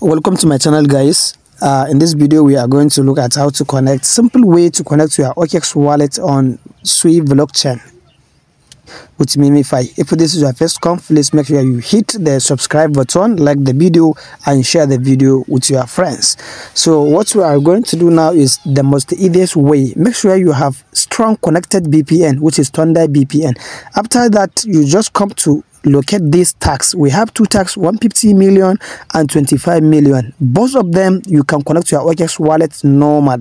welcome to my channel guys uh, in this video we are going to look at how to connect simple way to connect your OKX wallet on Swift blockchain with Mimify if this is your first come please make sure you hit the subscribe button like the video and share the video with your friends so what we are going to do now is the most easiest way make sure you have strong connected VPN which is Thunder VPN after that you just come to locate these tax we have two tax 150 million and 25 million both of them you can connect to your OKX wallet normal.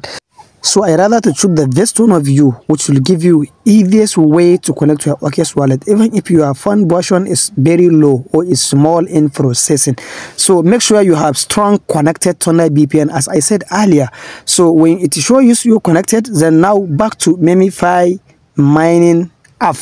so I rather to choose the best one of you, which will give you easiest way to connect to your OKX wallet, even if your fund version is very low or is small in processing. So make sure you have strong connected tunnel BPN as I said earlier. So when it shows you connected, then now back to Memify mining app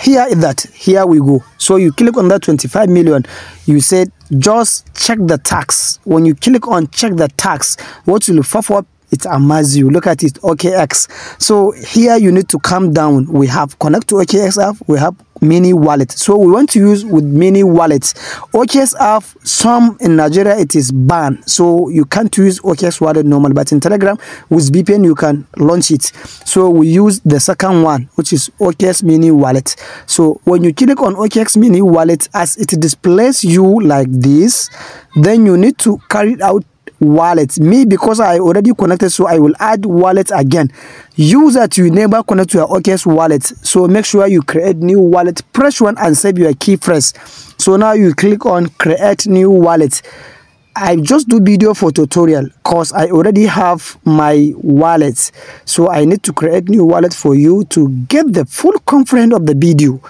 here is that here we go so you click on that 25 million you said just check the tax when you click on check the tax what you look for it amazes you look at it okx so here you need to come down we have connect to okx app we have mini wallet so we want to use with mini wallets okx app some in nigeria it is banned so you can't use okx wallet normal but in telegram with bpn you can launch it so we use the second one which is okx mini wallet so when you click on okx mini wallet as it displays you like this then you need to carry out wallet me because i already connected so i will add wallet again use that you never connect to your OKS wallet so make sure you create new wallet press one and save your key press so now you click on create new wallet I just do video for tutorial cause I already have my wallet so I need to create new wallet for you to get the full content of the video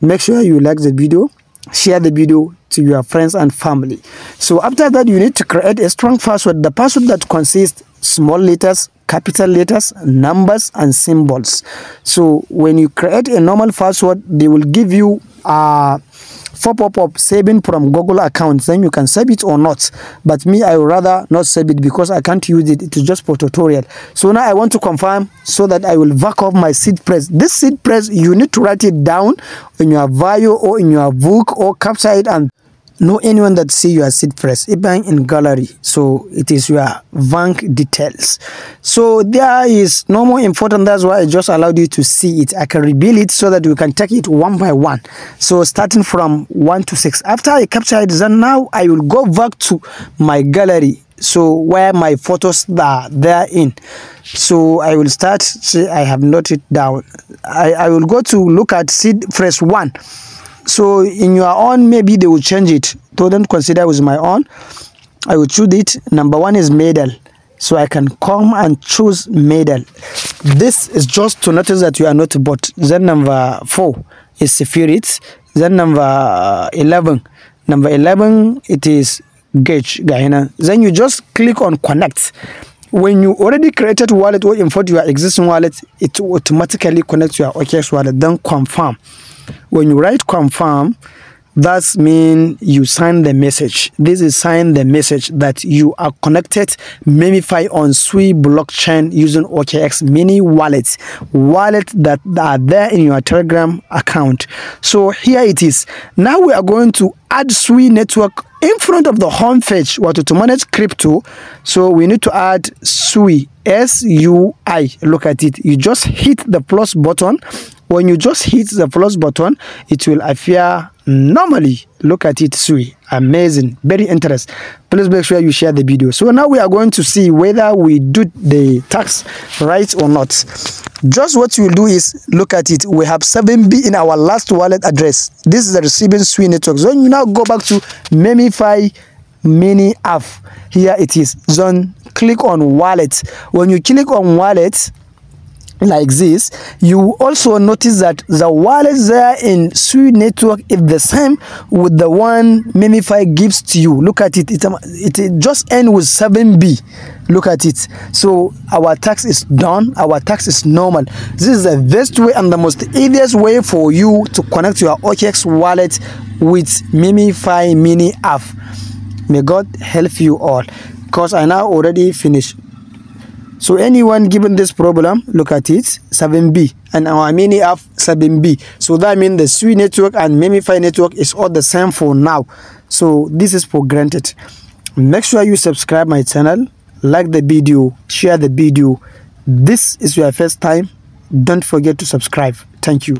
make sure you like the video share the video to your friends and family. So after that, you need to create a strong password. The password that consists small letters, capital letters, numbers, and symbols. So when you create a normal password, they will give you a uh, pop-up of saving from Google account. Then you can save it or not. But me, I would rather not save it because I can't use it. It is just for tutorial. So now I want to confirm so that I will back up my seed press. This seed press, you need to write it down in your bio or in your book or capture it and know anyone that see your seed press even in gallery so it is your bank details so there is no more important that's why i just allowed you to see it i can rebuild it so that you can take it one by one so starting from one to six after i capture it then now i will go back to my gallery so where my photos are there in so i will start see i have noted down i i will go to look at seed press one so in your own maybe they will change it don't consider it was my own i will choose it number one is medal so i can come and choose medal this is just to notice that you are not bought then number four is spirit then number uh, 11 number 11 it is gauge guyana then you just click on connect when you already created wallet or import your existing wallet it automatically connects your OKX wallet then confirm when you write confirm, that's mean you sign the message. This is sign the message that you are connected Memify on Sui blockchain using OKX mini wallets, wallet that are there in your Telegram account. So here it is. Now we are going to add Sui network in front of the home page what to manage crypto so we need to add sui s-u-i look at it you just hit the plus button when you just hit the plus button it will appear normally look at it sweet amazing very interesting please make sure you share the video so now we are going to see whether we do the tax right or not just what you do is look at it we have 7b in our last wallet address this is the receiving sui network so you now go back to memify mini app here it is zone click on wallet when you click on wallet like this you also notice that the wallet there in Sui network is the same with the one mimify gives to you look at it it, it just end with 7b look at it so our tax is done our tax is normal this is the best way and the most easiest way for you to connect your okx wallet with mimify mini app may god help you all because i now already finished so anyone given this problem, look at it, 7B. And our mini have 7B. So that means the SUI network and MemiFi network is all the same for now. So this is for granted. Make sure you subscribe my channel, like the video, share the video. This is your first time. Don't forget to subscribe. Thank you.